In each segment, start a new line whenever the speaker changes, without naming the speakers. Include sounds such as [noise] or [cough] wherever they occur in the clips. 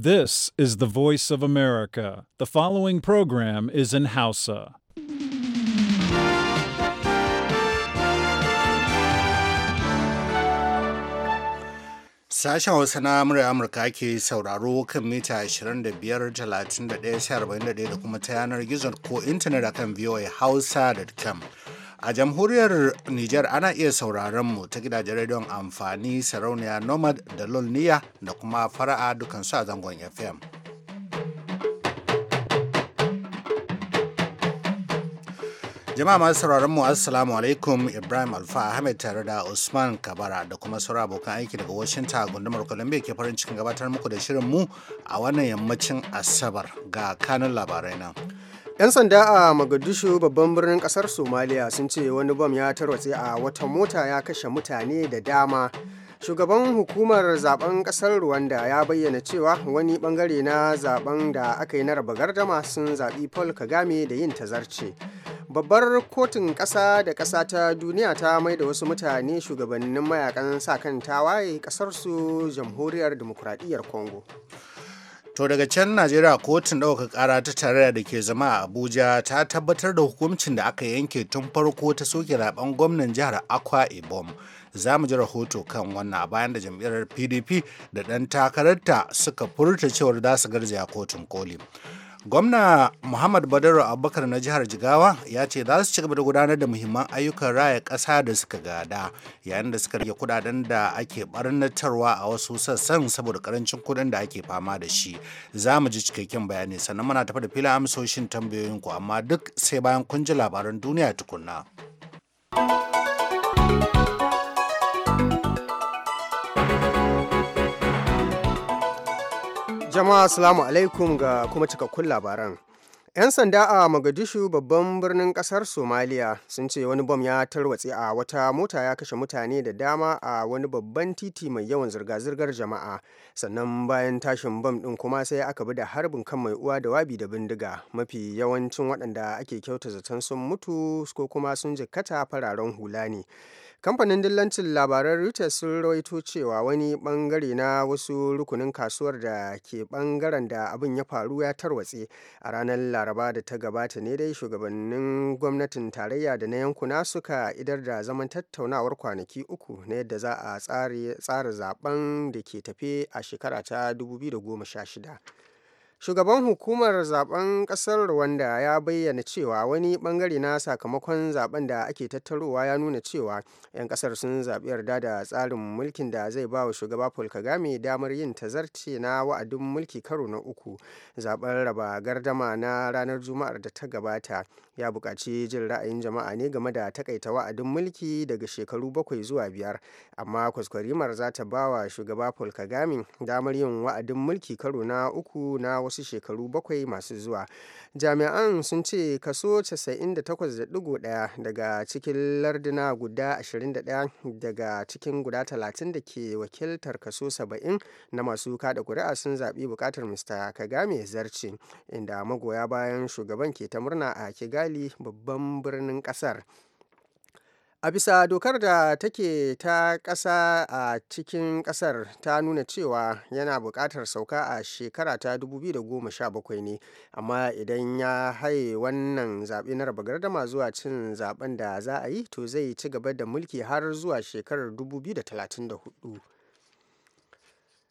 This is the voice of America. The following program is in Hausa.
Sashen Hausa na murya Amurka ke sauraro kan mita 25, 31, 41 da kuma ta yanar gizo ko intanet akan voahausa.com. A jamhuriyar Nijar ana iya sauraron mu ta gidajen rediyon amfani sarauniya Nomad da Lolniya da kuma fara'a dukansu a zangon FM. Jama'a masu sauraron mu Assalamu alaikum Ibrahim Alfa Ahmed tare da Usman Kabara da kuma sauran abokan aiki daga washinta gundumar Columbia ke farin cikin gabatar muku da shirin mu
a wannan yammacin Asabar ga kanun labarai nan. 'Yan sanda a Mogadishu babban birnin kasar Somaliya sun ce wani bom ya tarwatse a wata mota ya kashe mutane da dama. Shugaban hukumar zaben kasar Rwanda ya bayyana cewa wani bangare na zaben da aka yi na raba gardama sun zaɓi Paul Kagame da yin tazarce. babbar kotun ƙasa da ƙasa ta duniya ta maida wasu mutane shugabannin mayakan sa kan tawaye ƙasarsu jamhuriyar demokuraɗiyyar congo
To daga can Najeriya kotun ɗaukar ƙara ta tarayya da ke zama a Abuja ta tabbatar da hukuncin da aka yanke tun farko ta soke zaben gwamnan jihar Akwa Ibom. Za mu ji rahoto kan wannan bayan da jam'iyyar PDP da ɗan takararta suka furta cewar za su garzaya kotun koli. gwamna muhammad badaru abubakar na jihar jigawa ya ce za su ci gaba da gudanar da muhimman ayyukan raya ƙasa da suka gada yayin da suka rage kudaden da ake barnatarwa a wasu sassan saboda karancin kudin da ake fama da shi za mu ji cikakken bayani sannan muna tafi da filin amsoshin tambayoyinku amma duk sai bayan kun ji labaran duniya tukunna.
Jama'a salamu alaikum ga kuma cikakkun labaran. 'Yan sanda a Mogadishu babban birnin kasar Somaliya sun ce wani bom ya tarwatse a wata mota ya kashe mutane da dama a wani babban titi mai yawan zirga-zirgar jama'a. Sannan bayan tashin bom ɗin kuma sai aka bi da harbin kan mai uwa da wabi da bindiga. Mafi yawancin waɗanda ake kyauta zaton sun mutu ko kuma sun jikkata fararen hula ne. kamfanin dillancin labaran reuters sun rawaito cewa wani bangare na wasu rukunin kasuwar da ke bangaren da abin ya faru ya tarwatse a ranar laraba da ta gabata ne dai shugabannin gwamnatin tarayya da na yankuna suka idar da zaman tattaunawar kwanaki uku na yadda za a tsara zaben da ke tafe a shekara ta 2016 shugaban hukumar zaben kasar rwanda ya bayyana cewa wani bangare na sakamakon zaben da ake tattarowa ya nuna cewa 'yan kasar sun zaɓi yarda da tsarin mulkin da zai ba wa shugaba paul kagame damar yin tazarce na wa'adin mulki karo na uku zaben raba gardama na ranar juma'ar da ta gabata ya buƙaci jin ra'ayin jama'a ne game da takaita wa'adin mulki daga shekaru bakwai zuwa biyar amma kwaskwarimar za ta ba wa shugaba paul kagame damar yin wa'adin mulki karo na uku na wasu shekaru bakwai masu zuwa jami'an sun ce kaso 98.1 daga cikin larduna guda 21 daga cikin guda 30 da ke wakiltar kaso 70 na masu kada kuri'a sun zaɓi bukatar mr kagame zarci inda magoya bayan shugaban ke ta murna a kigali babban birnin ƙasar a bisa dokar da take ta ƙasa a cikin ƙasar ta nuna cewa yana buƙatar sauka a shekara ta 2017 ne amma idan ya haye wannan zaɓe na raba gardama zuwa cin zaɓen da za a yi to zai ci gaba da mulki har zuwa shekarar 2034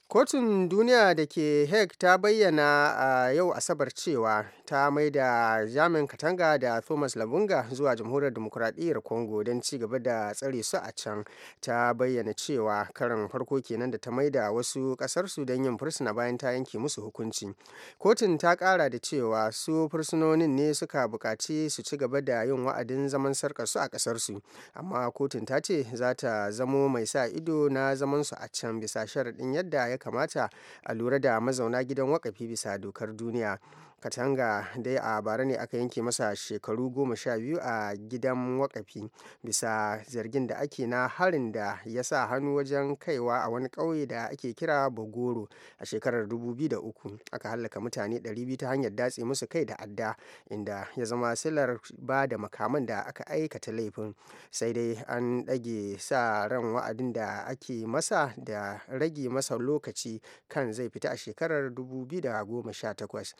Kotun Duniya da ke Hague ta bayyana a yau Asabar cewa ta mai da Jamin Katanga da Thomas Labunga zuwa Jamhuriyar Demokuraɗiyyar Congo don ci gaba da tsare su a can. Ta bayyana cewa karin farko kenan da ta mai da wasu ƙasarsu don yin fursuna bayan ta yanke musu hukunci. Kotun ta ƙara da cewa su fursunonin ne suka bukaci su ci gaba da yin wa'adin zaman sarkar a ƙasarsu. Amma kotun ta ce za ta zamo mai sa ido na zamansu a can bisa sharaɗin yadda ya ya kamata a lura da mazauna gidan wakafi bisa dokar duniya katanga dai a bara ne aka yanke masa shekaru goma sha biyu a gidan wakafi bisa zargin da ake na harin da ya sa hannu wajen kaiwa a wani ƙauye da ake kira bogoro a shekarar 2003 aka hallaka mutane 200 ta hanyar datse musu kai da adda inda ya zama silar ba da makaman da aka aikata laifin sai dai an ɗage sa ran wa'adin da ake masa da rage masa lokaci kan zai fita a shekarar 2018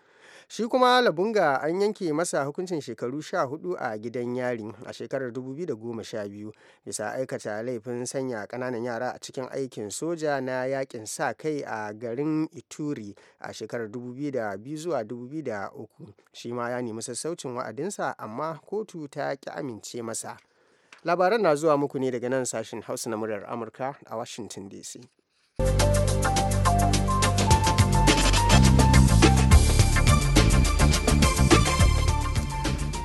shi kuma labunga an yanke masa hukuncin shekaru sha hudu a gidan yari a shekarar 2012 bisa aikata laifin sanya kananan yara a cikin aikin soja na yakin sa kai a garin ituri a shekarar 2002 zuwa 2003 shi ma ya nemi sassaucin wa'adinsa amma kotu ta ki amince masa labaran na zuwa muku ne daga nan sashen hausa na muryar amurka a washington dc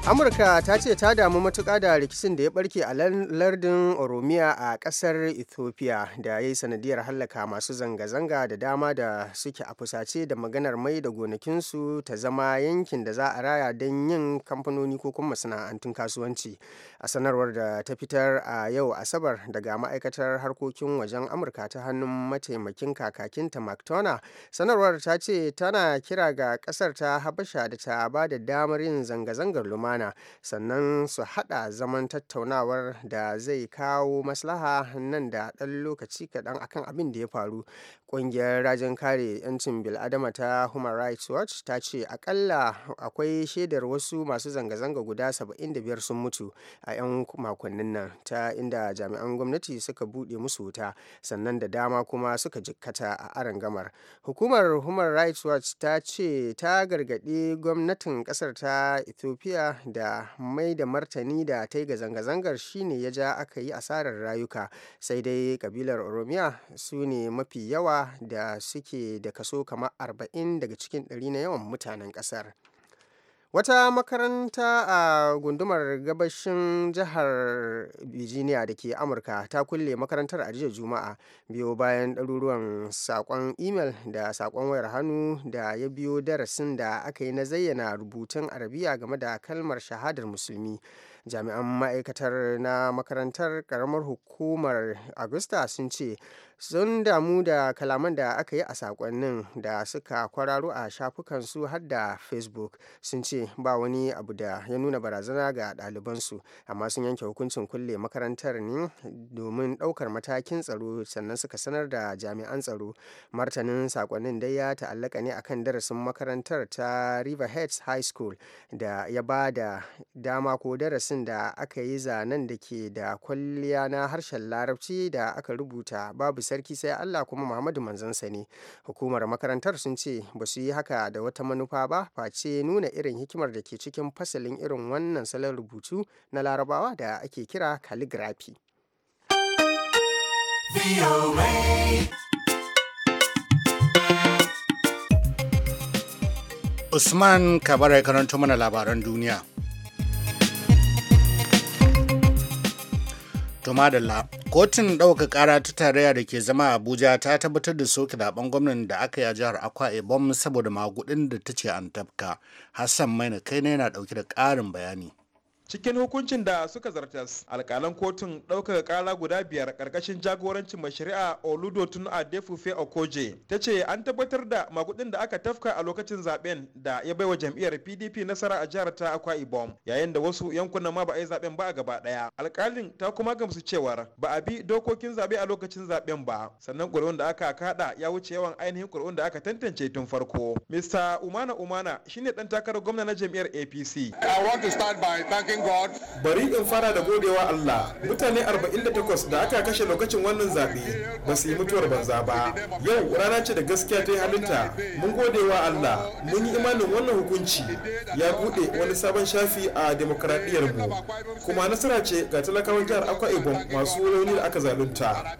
amurka ta ce ta damu matuƙa da rikicin da ya barke a lardin oromiya a ƙasar ethiopia da ya yi sanadiyar hallaka masu zanga-zanga da dama da suke a fusace da maganar mai da gonakinsu ta zama yankin da za a raya don yin kamfanoni ko kuma masana'antun kasuwanci a sanarwar da ta fitar a yau asabar daga ma'aikatar harkokin wajen amurka ta hannun mataimakin kakakin ta mactona sanarwar ta ce tana kira ga ƙasar ta habasha da ta ba da damar yin zanga-zangar lumana lumana sannan su haɗa zaman tattaunawar da zai kawo maslaha nan da ɗan lokaci kaɗan akan abin da ya faru Ƙungiyar rajin kare 'yancin bil'adama ta Human Rights Watch ta ce akalla akwai shaidar wasu masu zanga-zanga guda 75 sun mutu a 'yan makonnin nan ta inda jami'an gwamnati suka buɗe musu wuta sannan da dama kuma suka jikkata a gamar Hukumar Human Rights Watch ta ce ta gargaɗi gwamnatin ƙasar ta Ethiopia da mai da martani da ta yi ga zanga-zangar shine ya ja aka yi asarar rayuka sai dai kabilar Oromiya su ne mafi yawa da suke da kaso kamar arba'in daga cikin ɗari na yawan mutanen ƙasar wata makaranta a gundumar gabashin jihar virginia da ke amurka ta kulle makarantar a jiya juma'a biyo bayan ɗaruruwan saƙon imel da saƙon wayar hannu da ya biyo darasin da aka yi na zayyana rubutun arabiya game da kalmar shahadar musulmi jami'an ma'aikatar na makarantar karamar hukumar agusta sun ce sun damu da kalaman da aka yi a sakonnin da suka kwararo a shafukansu har da facebook sun ce ba wani abu da ya nuna barazana ga ɗalibansu amma sun yanke hukuncin kulle makarantar ne domin ɗaukar matakin tsaro sannan suka sanar da jami'an tsaro martanin sakonnin dai ya ta'allaka ne akan darasin makarantar ta riverheads high school da ya ba da dama ko darasin lokacin da aka yi zanen da ke da kwalliya na harshen larabci da aka rubuta babu sarki sai allah kuma muhammadu manzansa ne hukumar makarantar sun ce ba su yi haka da wata manufa ba face nuna irin hikimar da ke cikin fasalin irin wannan salon rubutu na larabawa da ake kira calligraphy
Usman Kabara ya karanto mana labaran duniya. To madalla, kotun ɗauka ƙara ta tarayya da ke zama Abuja ta tabbatar da soke zaben gwamnan da aka yi a jihar Akwa Ibom saboda magudin da ta ce an tafka. Hassan Maina kai ne yana ɗauke da ƙarin bayani.
cikin hukuncin da suka zartas alkalan kotun ɗaukaka kara guda biyar ƙarƙashin jagorancin mai shari'a oludotun adefufe okoje ta ce an tabbatar da magudin da aka tafka a lokacin zaben da ya baiwa jam'iyyar pdp nasara a jihar ta akwa ibom yayin da wasu yankunan ma ba a yi zaben ba a gaba ɗaya alkalin ta kuma gamsu cewar ba a bi dokokin zabe a lokacin zaben ba sannan ƙuri'un da aka kaɗa ya wuce yawan ainihin ƙuri'un da aka tantance tun farko mr umana umana shine ɗan takarar gwamna na jam'iyyar apc i want to start by thanking bari in fara da godewa Allah mutane 48 da aka kashe lokacin wannan zaɓe ba su yi mutuwar banza ba yau rana ce da gaskiya ta yi halitta mun godewa Allah mun yi imanin wannan hukunci ya buɗe wani sabon shafi a demokradiyyar mu kuma nasara ce ga talakawan jihar Akwa Ibom masu rauni da aka zalunta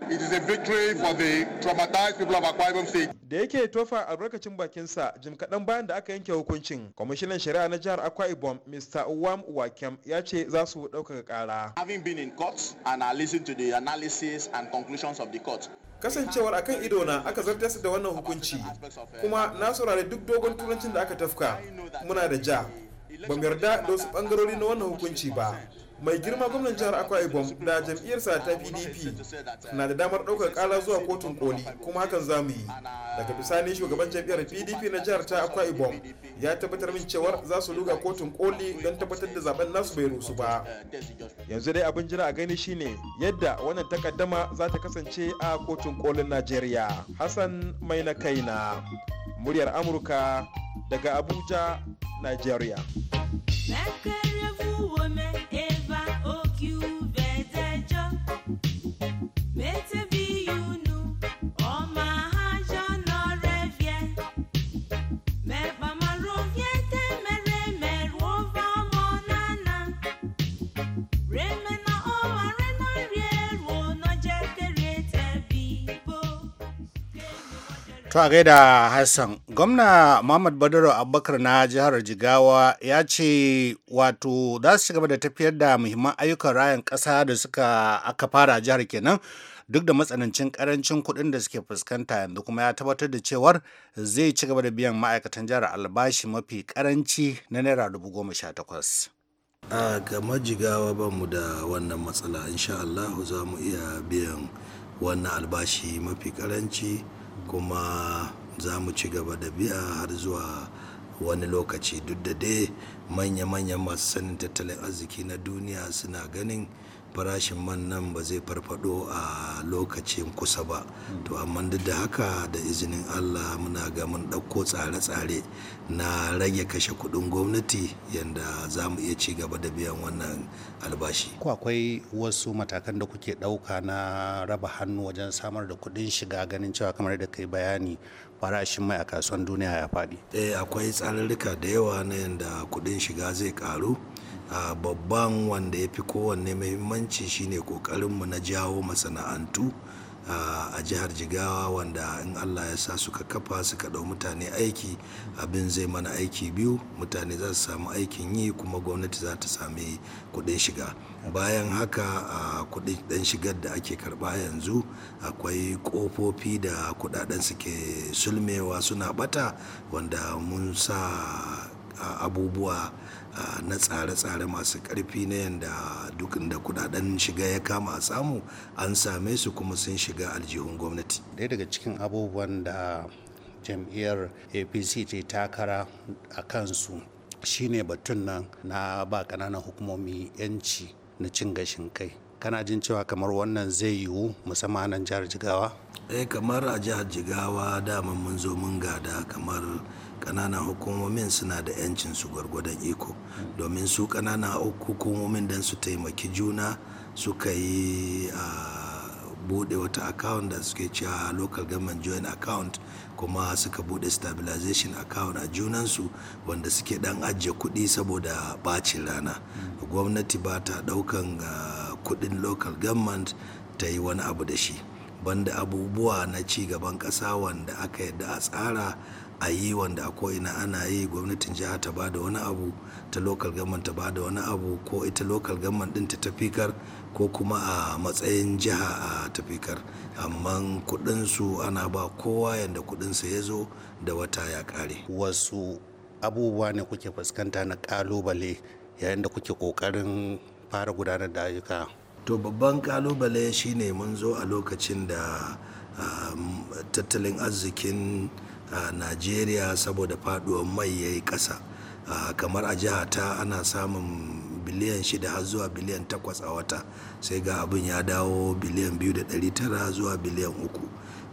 da yake tofa a albarkacin bakinsa jim kaɗan bayan da aka yanke hukuncin kwamishinan shari'a na jihar Akwa Ibom Mr. Uwam Wakem ya ce za su ɗaukaka ƙara. Having been in court and I listened to the and conclusions the court, kasancewar akan na aka zartar da wannan hukunci kuma na saurari duk dogon turancin da aka tafka muna da ja ba yarda da wasu ɓangarori na wannan hukunci ba mai girma gwamnan jihar akwa ibom da jam'iyyarsa ta pdp na da damar ɗaukar kala zuwa kotun koli kuma hakan za mu yi daga bisani shugaban jam'iyyar pdp na jihar ta akwa ibom ya tabbatar min cewar za su luga kotun koli don tabbatar da zaben nasu bai rusu ba yanzu dai abin jira a gani shine yadda wannan takaddama za ta kasance a kotun kolin najeriya hassan mai na kai na muryar amurka daga abuja najeriya
To a gaida Hassan, gwamna Muhammad Badaro Abubakar na jihar Jigawa ya ce wato za su gaba da tafiyar da muhimman ayyukan rayan ƙasa da suka aka fara jihar kenan duk da matsanancin karancin kuɗin da suke fuskanta yanzu kuma ya tabbatar da cewar zai ci gaba da biyan ma'aikatan jihar albashi mafi karanci na naira dubu goma sha takwas.
a game jigawa ba mu da wannan matsala insha Allah za mu iya biyan wannan albashi mafi karanci kuma za mu ci gaba da biya har zuwa wani lokaci duk da dai manya-manyan masu sanin tattalin arziki na duniya suna ganin farashin man nan ba zai farfado a lokacin kusa ba to amma duk da haka da izinin allah muna ga mun ɗauko tsare-tsare na rage kashe kuɗin gwamnati yadda za mu iya ci gaba da biyan wannan albashi ko akwai wasu matakan da kuke ɗauka na raba hannu
wajen samar da kuɗin shiga ganin cewa kamar da kai bayani farashin mai a kasuwan duniya ya faɗi
eh akwai tsarurruka da yawa na yadda kuɗin shiga zai ƙaru a babban wanda ya fi kowanne muhimmanci shine kokarinmu na jawo masana'antu a jihar jigawa wanda in allah ya sa suka kafa suka ɗau mutane aiki abin zai mana aiki biyu mutane za su samu aikin yi kuma gwamnati za ta sami kuɗin shiga bayan haka a kuɗin ɗan shigar da ake karɓa yanzu akwai kofofi da kuɗaɗen suke sulmewa suna ɓata wanda mun sa abubuwa na tsare-tsare masu ƙarfi na yadda duk da kudaden shiga ya kama a samu an same su kuma sun shiga aljihun gwamnati ɗaya daga cikin abubuwan da jam'iyyar apc ce
takara a kansu shine batun nan na ba ƙananan hukumomi 'yanci na cin gashin kai kana jin cewa kamar wannan zai yiwu musamman nan jihar
jigawa eh kamar a jihar jigawa dama mun zo mun gada kamar kananan hukumomin suna da 'yancin su gwargwadon iko domin su kananan hukumomin don su taimaki juna suka yi a bude wata account da suke cewa local government joint account kuma suka bude stabilization account a junansu wanda suke dan ajiye kuɗi saboda bacin rana gwamnati ba ta daukan uh, kudin local government ta yi wani abu da shi banda abubuwa na cigaban gaban ƙasa wanda aka yadda a tsara a yi wanda a ina ana yi gwamnatin jiha ta ba da wani abu ta local government ta ba da wani abu ko ita local government ɗin ta tafikar ko kuma a matsayin jiha a tafikar amma kuɗinsu ana ba kowa yadda sa ya zo da wata ya kare. wasu abubuwa ne kuke fuskanta na kalubale yayin da kuke kokarin
fara gudanar da ayyuka
to babban kalubale shine mun zo a lokacin da um, tattalin arzikin uh, najeriya saboda faduwar mai ya yi ƙasa uh, kamar a jiha ta ana samun biliyan shida har zuwa biliyan takwas a wata sai ga abin ya dawo biliyan biyu da ɗari tara zuwa biliyan uku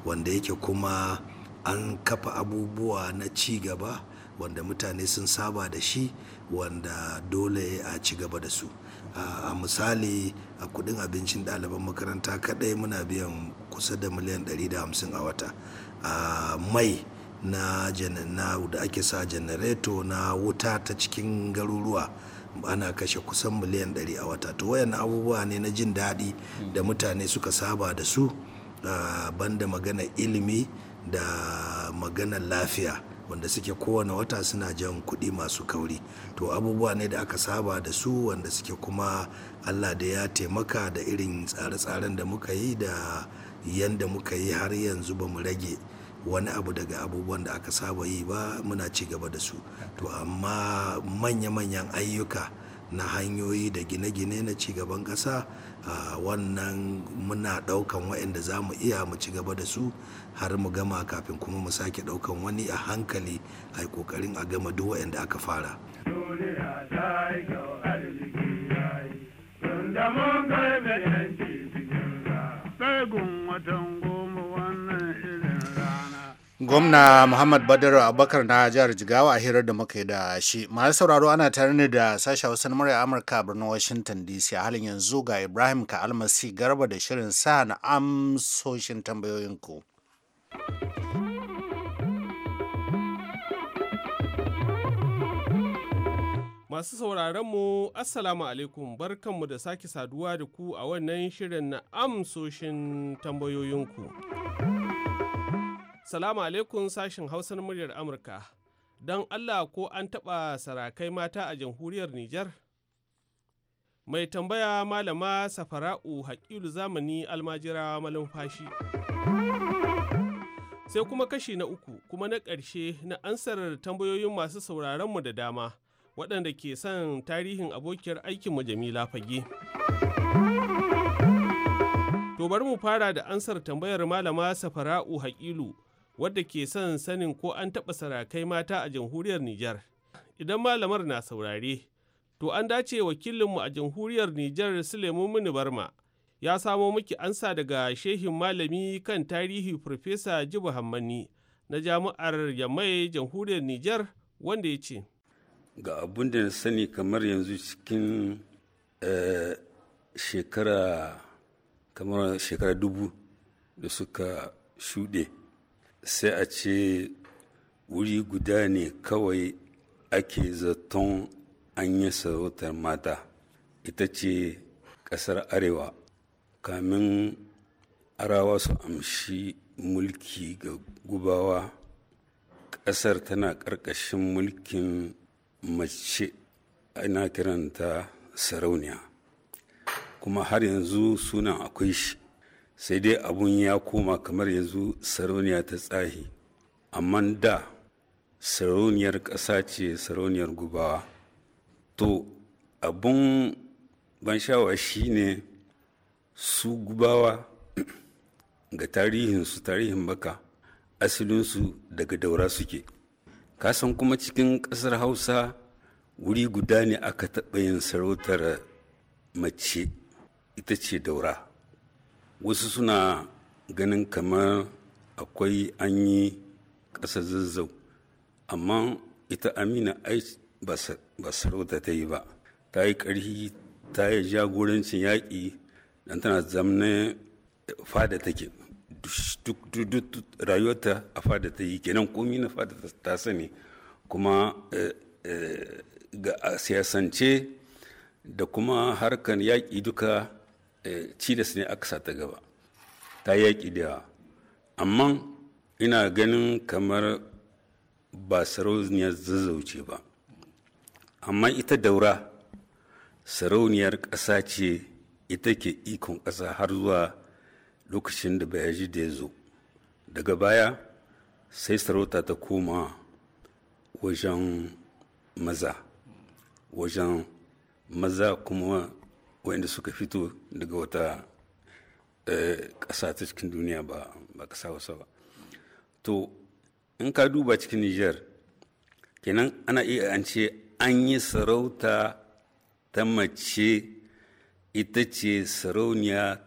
wanda yake kuma an kafa abubuwa na ci gaba wanda mutane sun saba da shi wanda dole a ci gaba da su a misali a kudin abincin ɗaliban makaranta kaɗai muna biyan kusa da miliyan 150 a wata a mai na da ake sa janareto na wuta ta cikin garuruwa ana kashe kusan miliyan 100 a wata to wayan abubuwa ne na jin daɗi da mutane suka saba da su banda magana ilimi da magana lafiya wanda suke kowane wata suna jan kuɗi masu kauri to abubuwa ne da aka saba da su wanda suke kuma allah da ya taimaka da irin tsare-tsaren da muka yi da yanda muka yi har yanzu ba mu rage wani abu daga abubuwan da aka saba yi ba muna ci gaba da su to amma manya-manyan ayyuka na hanyoyi da gine-gine na cigaban ƙasa wannan muna ɗaukan waɗanda za mu iya mu ci gaba da su har mu gama kafin kuma mu sake ɗaukan wani a hankali a ƙoƙarin a gama duk waɗanda aka fara
Sai gun watan gwamna muhammad badar abubakar na jihar jigawa a hirar da muka yi da shi masu sauraro ana tare ne da sashe hausa na murya amurka a birnin washington dc a halin yanzu ga ibrahim ka almasi garba da shirin sa na amsoshin
tambayoyinku Masu mu Assalamu alaikum barkanmu da sake saduwa da ku a wannan shirin na amsoshin tambayoyinku. Salamu alaikum sashin Hausa muryar Amurka. Don Allah ko an taɓa sarakai mata a jamhuriyar Nijar? Mai tambaya malama Safara'u haƙilu zamani almajirawa malumfashi. Sai kuma kashi na uku kuma na ƙarshe na ansar tambayoyin masu sauraronmu da dama waɗanda ke son tarihin abokiyar aikinmu Jamila Fage. To bari mu fara da ansar tambayar malama Safara'u Haƙilu. wadda ke son sanin ko an taɓa sarakai mata a jamhuriyar Nijar. Idan malamar na saurare, to an dace wakilinmu a jamhuriyar Nijar Sulemu Mini Barma ya samo miki ansa daga shehin malami kan tarihi profesa Jibu Hammani na jami'ar Yamai jamhuriyar Nijar wanda ya ce.
Ga abun da na sani kamar yanzu cikin eh, shekara kamar shekara dubu da suka shuɗe. sai a ce wuri guda ne kawai ake zaton an yi sarautar mata ita ce ƙasar arewa kamin arawa su amshi mulki ga gubawa ƙasar tana ƙarƙashin mulkin mace ana kiranta sarauniya kuma har yanzu sunan akwai shi sai dai abun ya koma kamar yanzu sarauniya ta tsahi amma da sarauniyar ƙasa ce sarauniyar gubawa to abun ban sha'awa shine su gubawa [clears throat] ga tarihinsu tarihin baka asilinsu daga daura suke kasan kuma cikin ƙasar hausa wuri guda ne aka taɓa yin sarautar mace ita ce daura wasu suna ganin kamar akwai an yi ƙasar zazzau amma ita amina ai ba sarauta ta yi ba ta yi ƙarfi ta yi jagorancin yaƙi don tana zamne fada take duk rayuwarta a fada ta yi kenan komi na fada ta sani kuma eh, eh, ga siyasance da kuma harkar yaƙi duka Eh, cidas ne aka kasa ta gaba ta yaƙi da yawa amma ina ganin kamar ba sarauniyar zazzauce ba amma ita daura sarauniyar ƙasa ce ita ke ikon ƙasa har zuwa lokacin da bayaji da ya zo daga baya sai sarauta ta koma wajen maza wajen maza kuma wanda suka fito daga wata eh, ƙasa ta cikin duniya ba ƙasa wasa ba to in ka duba cikin niger kenan ana iya an ce an yi sarauta ta mace ita ce sarauniya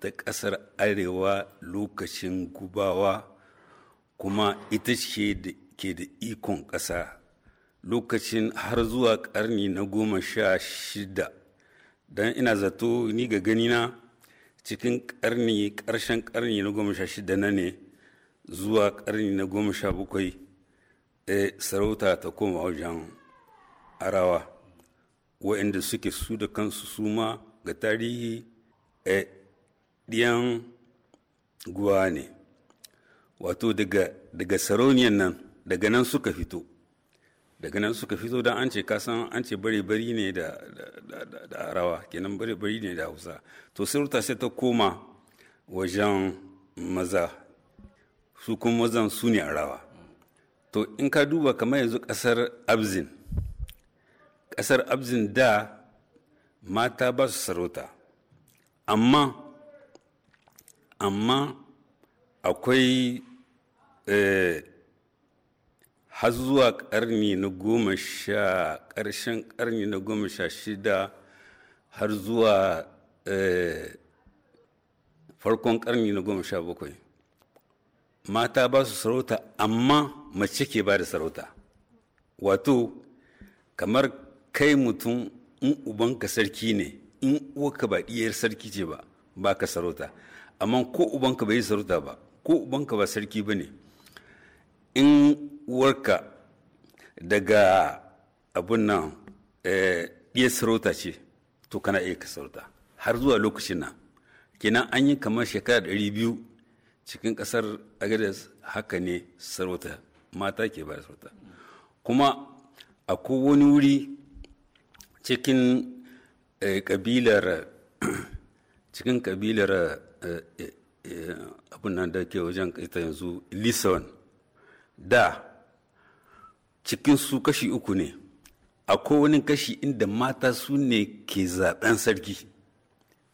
ta ƙasar arewa lokacin gubawa kuma ita ce ke da ikon ƙasa lokacin har zuwa ƙarni na goma sha shida don ina zato ni ga ganina cikin karni karshen karni na goma sha shida na ne zuwa karni na goma sha bakwai eh, sarauta ta koma wajen arawa wa'inda suke su da kansu su ma ga tarihi a eh, ɗiyan guwa ne wato daga sarauniyan nan daga nan suka fito daga nan suka fito don an ce kasan an ce bari bari ne da arawa kenan bari bari ne da hausa to sarauta sai ta koma wajen maza su kuma wajen su ne arawa to in ka duba kamar yanzu kasar abzin kasar abzin da mata ba su sarauta amma amma akwai eh, har zuwa ƙarni na goma sha ƙarshen ƙarni na goma sha shida har zuwa eh, farkon ƙarni na goma sha bakwai mata ba su sarauta amma mace ke ba da sarauta wato kamar kai mutum in ubanka sarki ne in uwaka ba iyayar sarki ce ba ba ka sarauta amma ko ubanka bai yi sarauta ba ko ubanka ba sarki ba ne in uwarka daga abun nan eh, iya sarauta ce to kana iya ka sarauta har zuwa lokacin nan kenan an yi kamar shekara ɗari biyu cikin ƙasar agadez haka ne sarauta mata ke ba sarauta kuma akwai wani wuri cikin eh, ƙabilar [clears throat] cikin ƙabilar eh, abin nan da ke wajen ita yanzu lison da cikin su kashi uku ne a wani kashi inda mata su ne ke zaben sarki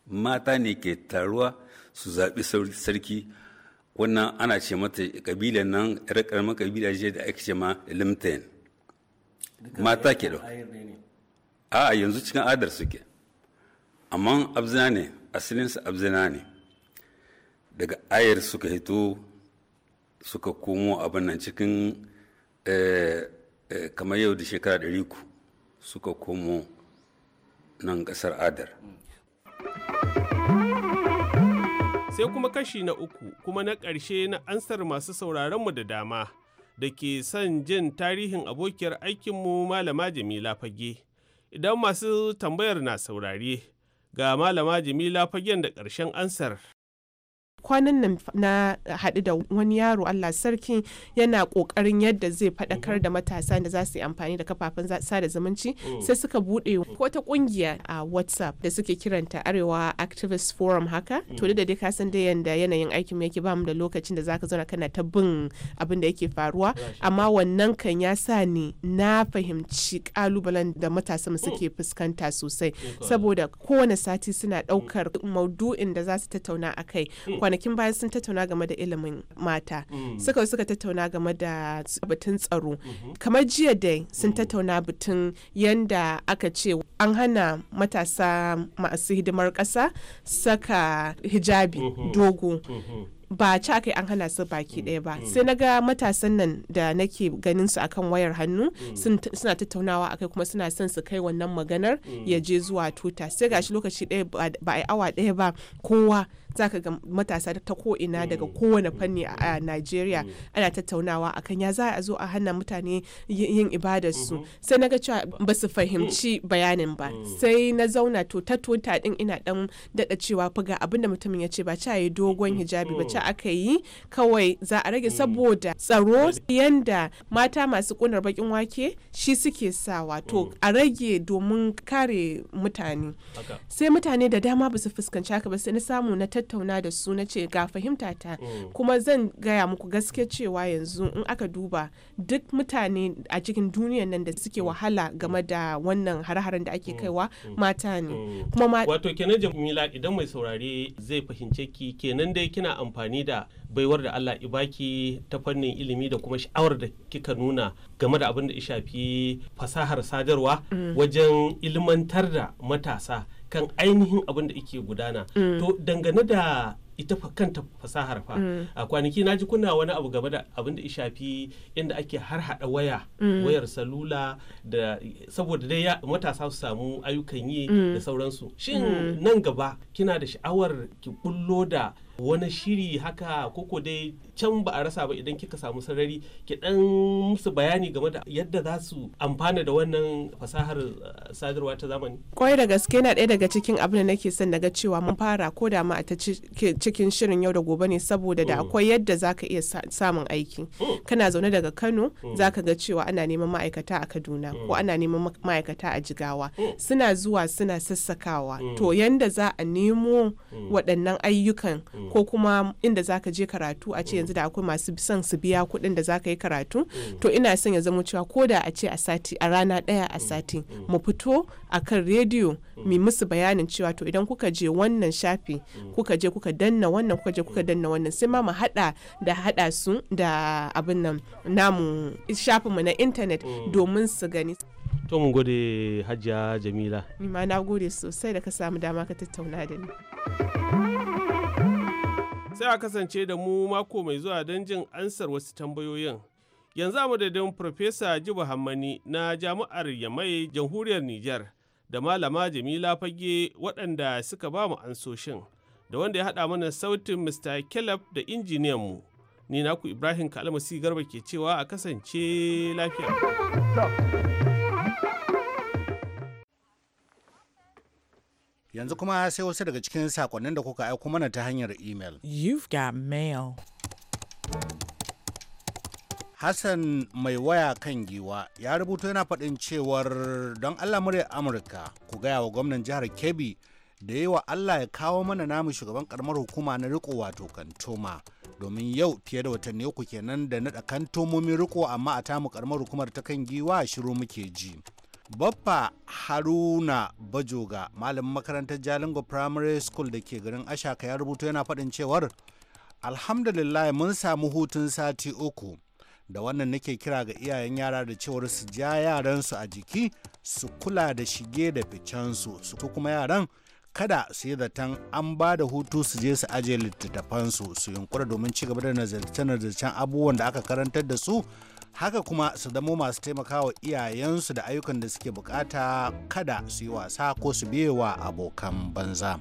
mata ne ke taruwa su zaɓi sarki wannan ana ce mata ƙabilan nan yar ƙaramin kabila ce da ake ce ma limtain mata ke da a yanzu cikin adar suke amma abzina ne asalinsu abzina ne daga ayar suka hito suka komo abin nan cikin eh, Eh, kamar yau da shekara ɗari ku suka komo nan ƙasar adar
sai kuma kashi na uku kuma na ƙarshe na ansar masu sauraronmu da dama da ke son jin tarihin abokiyar aikinmu malama jamila fage idan masu tambayar na saurare ga malama jamila fagen da ƙarshen ansar
kwanan nan na haɗu da wani yaro Allah sarki yana ƙoƙarin yadda zai faɗakar mhm. da matasa da za su yi amfani da kafafen sada zumunci mm. sai suka buɗe mm. wata ƙungiya a WhatsApp da suke kiranta Arewa Activist Forum haka to mm. da dai ka san da yanda yanayin aikin yake ba mu da lokacin da zaka zauna kana ta bin abin da yake faruwa amma wannan kan ya sa ni na fahimci kalubalen da matasan suke fuskanta sosai saboda kowane sati suna ɗaukar maudu'in da za su tattauna akai kwanakin baya sun tattauna game da ilimin mata mm. suka suka tattauna game da batun tsaro mm-hmm. kamar jiya dai sun mm. tattauna batun yanda aka ce an hana matasa masu hidimar ƙasa saka hijabi mm-hmm. dogo mm-hmm. ba ci aka an hana su baki ɗaya ba sai na ga matasan nan da nake ganin su akan wayar hannu mm. suna tattaunawa akai kuma suna son su kai wannan maganar ya je zuwa tuta sai gashi lokaci daya ba a awa ɗaya ba kowa zaka ga matasa ta ko'ina daga mm. kowane fanni a Najeriya mm. ana tattaunawa akan ya za a zo a hana mutane yin ibadarsu mm-hmm. sai na ga cewa ba su fahimci mm. bayanin ba sai na zauna to ta tota din ina dan dada cewa fa ga abin da mutumin ya ce ba ca yi dogon mm-hmm. hijabi ba ca aka yi kawai za a rage saboda tsaro yanda mata masu kunar bakin wake shi suke sawa to a rage domin kare mutane sai mutane da dama ba su fuskanci haka ba sai na samu na tattauna da su na ce ga fahimta ta mm. kuma zan gaya muku gaske cewa yanzu in aka duba duk mutane a cikin duniyan nan da suke mm. wahala game da wannan har-haren da ake mm. kaiwa mata ne kuma ma wato
kenan jamila idan mai saurare zai fahimce ki kenan dai kina amfani da baiwar da Allah baki ta fannin ilimi da kuma sha'awar da kika nuna game da abin da ya shafi fasahar sadarwa wajen ilmantar da matasa kan ainihin abin da ike gudana mm. to dangane da ita kanta fasahar fa mm. a kwanaki na ji kuna wani abu game da abin da shafi inda ake har hada waya mm. wayar salula da saboda dai matasa su samu ayyukan yi da mm. sauransu shin nan gaba kina da sha'awar ki bullo da wani shiri haka koko dai can ba a rasa ba idan kika samu sarari ki dan musu bayani game da yadda za su amfana da wannan fasahar eh, sadarwa ta zamani
kwai da gaske na ɗaya daga cikin abin da nake son naga cewa mun fara ko da ma a ta cikin shirin yau da gobe ne saboda da hmm. akwai yadda zaka iya samun aiki hmm. kana zaune daga Kano hmm. zaka ga cewa ana neman ma'aikata a Kaduna ko ana neman ma'aikata a Jigawa suna zuwa suna sassakawa to yanda za a nemo waɗannan ayyukan ko kuma inda zaka je karatu a ce yanzu da akwai masu son su biya kuɗin da zaka yi karatu to ina son ya zama cewa ko da a ce a sati a rana ɗaya a sati mu fito a kan rediyo mi musu bayanin cewa to idan kuka je wannan shafi kuka je kuka danna wannan kuka je kuka danna wannan sai ma mu hada da hada su da abin nan namu shafin mu na intanet mm. domin su gani
to mun gode hajiya jamila
ni ma na gode sosai da ka samu dama ka tattauna da ni
sai a kasance da mu mako mai zuwa don jin ansar wasu tambayoyin yanzu a madadin profesa jibu hammani na jami'ar yamai jamhuriyar niger da malama Jamila Fage waɗanda suka ba mu ansoshin da wanda ya haɗa mana sautin Mr. Caleb da injiniyan mu. Ni naku Ibrahim Kalmasi Garba ke cewa a kasance lafiya.
Yanzu kuma sai wasu daga cikin sakonnin da kuka aiko mana ta hanyar email.
You've got mail.
Hassan mai waya kan giwa ya rubuto yana faɗin cewar don Allah murya Amurka ku gaya wa gwamnan jihar Kebbi da yi wa Allah ya kawo mana namu shugaban karamar hukuma na riko wato kantoma domin yau fiye da watanni uku kenan da naɗa kantomomin riko amma a tamu karamar hukumar ta kan giwa shiru muke ji. Baffa Haruna Bajoga malamin makarantar Jalingo Primary School da ke garin Ashaka ya rubuto yana faɗin cewar Alhamdulillah mun samu hutun sati uku. da wannan nake kira ga iyayen yara da cewar su ja yaransu a jiki su kula da shige da ficensu su kuma yaran kada su yi zaton an ba da hutu su je su aje littattafansu su yunkura domin ci gaba da nazarce-nazarcen abubuwan da aka karantar da su haka kuma su zamo masu taimakawa iyayensu da ayyukan da suke bukata kada su yi wasa ko su biye wa abokan banza.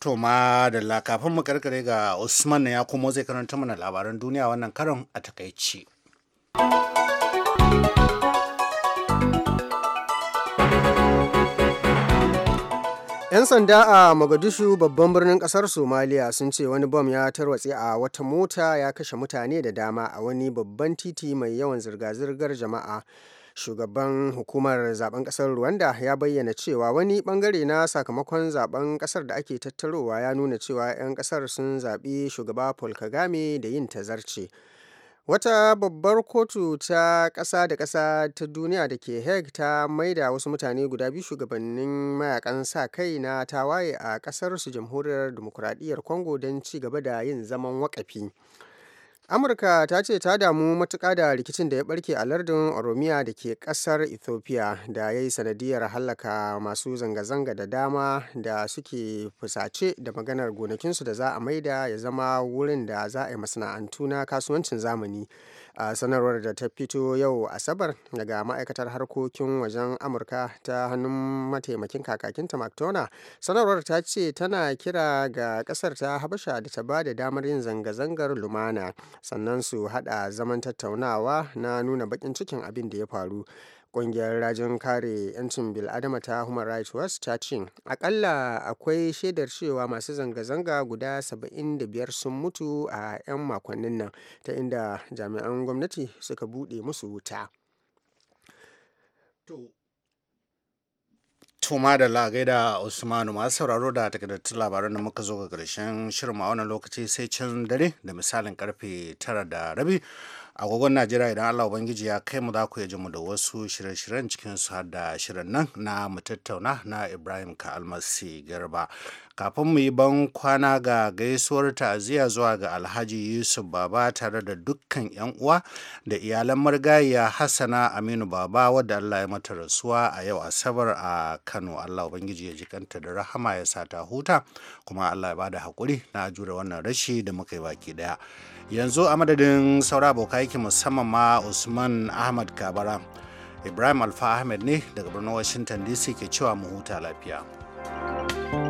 To ma da kafin mu karkare ga Usman ya kuma zai karanta mana labaran duniya wannan karon a takaici.
‘Yan sanda a Mogadishu babban birnin kasar Somaliya sun ce wani bom ya tarwatse a wata mota ya kashe mutane da dama a wani babban titi mai yawan zirga-zirgar jama'a. shugaban hukumar zaben kasar rwanda ya bayyana cewa wani bangare na sakamakon zaben kasar da ake tattarowa ya nuna cewa 'yan kasar sun zaɓi shugaba paul kagame da yin tazarce wata babbar kotu ta ƙasa da ƙasa ta duniya da ke hague ta maida wasu mutane guda biyu shugabannin mayakan sa kai na tawaye a ƙasarsu jamhuriyar demokuraɗiyyar congo don ci gaba da yin zaman wakafi. amurka ta ce ta damu matuƙa da rikicin da ya barke a lardin oromiya da ke ƙasar ethiopia da ya yi sanadiyar hallaka masu zanga-zanga da dama da suke fusace da maganar gonakinsu da za a maida ya zama wurin da za a yi masana'antu na kasuwancin zamani a sanarwar da ta fito yau asabar daga ma'aikatar harkokin wajen amurka ta hannun mataimakin kakakinta mactona sanarwar ta ce tana kira ga kasar ta habasha da ta ba da damar yin zanga-zangar lumana sannan su hada zaman tattaunawa na nuna bakin cikin abin da ya faru kungiyar rajin kare 'yancin bil'adama ta Human Rights Watch ta ce akalla akwai shaidar cewa masu zanga-zanga guda 75 sun mutu a 'yan makonnin nan ta inda jami'an gwamnati suka bude musu wuta. tuma da lagai da usmanu masu sauraro da takardattun labaran
da muka zo ga karshen shirma a wannan lokaci sai can dare da misalin karfe tara da rabi agogon najeriya idan allah ubangiji ya kai mu za ku ji mu da wasu shirye-shiryen cikin su har da shirin nan na mu tattauna na ibrahim ka almasi garba kafin mu yi ban kwana ga gaisuwar ta'aziyya zuwa ga alhaji yusuf baba tare da dukkan yan uwa da iyalan marigayya hassana aminu baba wadda allah ya mata rasuwa a yau asabar a kano allah ubangiji ya kanta da rahama ya sa ta huta kuma allah ya bada hakuri na jure wannan rashi da muka yi baki daya yanzu a madadin saura abokai musamman ma usman ahmad kabara ibrahim alfa ahmed ne daga birnin washington dc ke cewa mu huta lafiya thank you